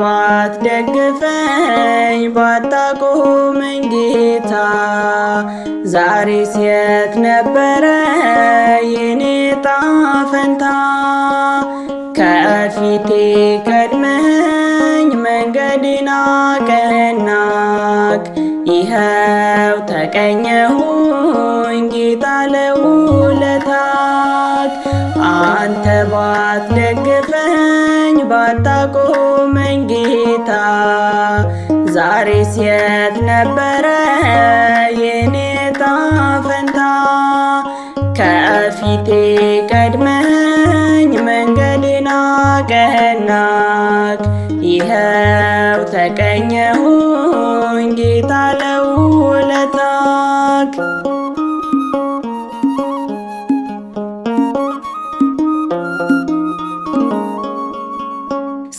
ባት ደግፈኝ ባጣቁመኝ ጌታ ዛሬ የት ነበረ የኔ ጣፈንታ ከፊቴ ቀድመኝ መንገዴን አቀናክ። ይኸው ተቀኘሁኝ ጌታ ለውለታክ አንተ ባት ደግፈኝ ቦታ ዛሬ ሲየት ነበረ የኔ ዕጣ ፈንታ? ከፊቴ ቀድመኝ መንገድን አቀናህ። ይኸው ተቀኘሁኝ ጌታ ለውለታህ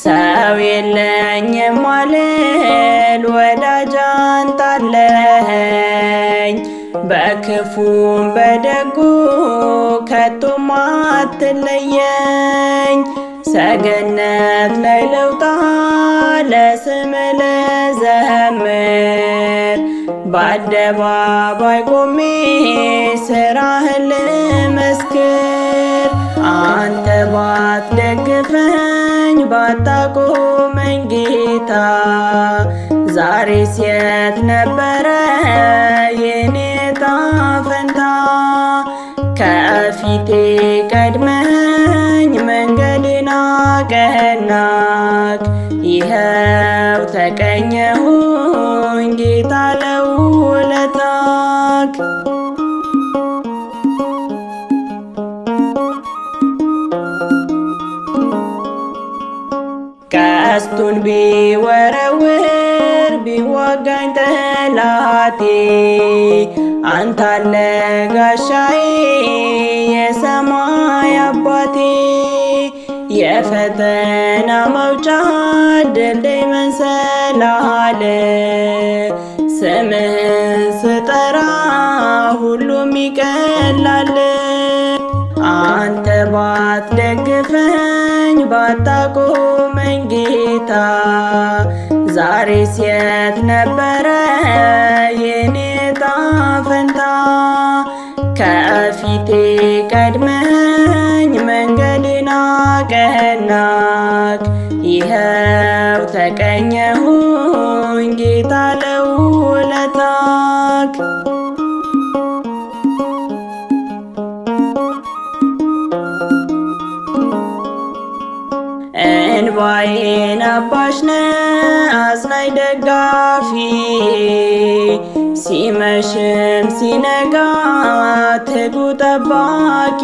ሰው የለ መሐለን ወዳጅ አንተ በክፉም በደጉ ከቶም አትለየኝ። ሰገነት ላይ ልውጣ ለስምህ ልዘምር በአደባባይ ቆሜ ስራህን ልመስክር። አንተ ባትደግፈኝ ባታቆመኝ ጌታ ዛሬ የት ነበረ የኔ ዕጣ ከፊቴ ቀድመኝ መንገድን አቀናህ ይኸው ተቀኘሁ ቀስቱን ቢወረውር ቢወጋኝ ጠላቴ አንተ አለ ጋሻዬ የሰማይ አባቴ የፈተና መውጫ ድልድይ መንሰላለ ስምህን ስጠራ ሁሉም ይቀላል አንተ ባት ባታቆመኝ ጌታ ዛሬስ የት ነበረ የኔ ዕጣ ከፊቴ ቀድመኝ መንገድን አቀናህ። ይኸው ተቀኘሁኝ ጌታ ለውለታህ ላይ አባሽነ አዝናኝ ደጋፊ ሲመሽም ሲነጋ ትጉ ጠባቂ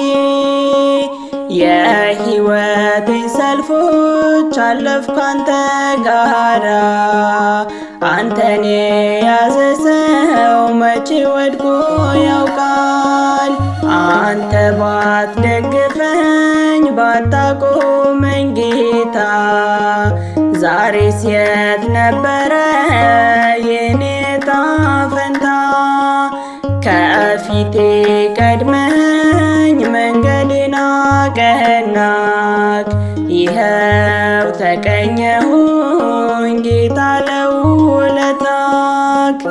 የሕይወቴን ሰልፎች አለፍ ካንተ ጋራ አንተን የያዘ ሰው መቼ ወድቆ ያውቃል አንተ ባትደግፈን አታቆመኝ ጌታ ዛሬስ የት ነበረ የኔ ዕጣ ፈንታ? ከፊቴ ቀድመኝ መንገዴን አቀናህ። ይኸው ተቀኘሁኝ ጌታ ለውለታህ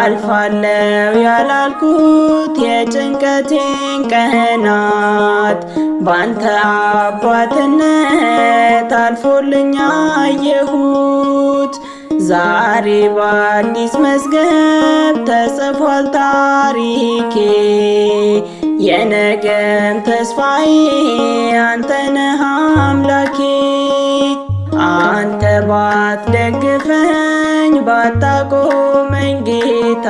አልፋለው ያላልኩት የጭንቀቴን ቀናት ባንተ አባትነት አልፎልኛ አየሁት። ዛሬ በአዲስ መዝገብ ተጽፏል ታሪኬ የነገም ተስፋዬ አንተነህ አምላኬ። አንተ ባትደግፈኝ ባታቆ ሰጠኝ ጌታ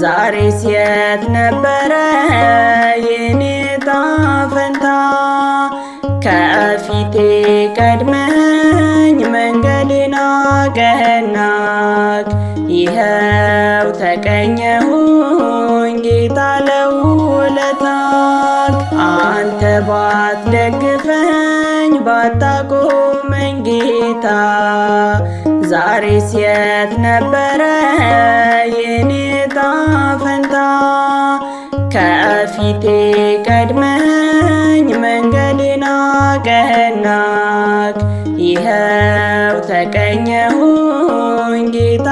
ዛሬስ የት ነበረ የኔ ጣፈንታ ከፊቴ ቀድመኝ መንገድን አቀናህ። ይኸው ተቀኘሁኝ ጌታ ለውለታህ። አንተ ባትደግፈኝ ባታቆመኝ ጌታ ዛሬ የት ነበረ የኔ ጣፈንታ ከፊቴ ቀድመኝ መንገዴን አቀናህ። ይኸው ተቀኘሁኝ ጌታ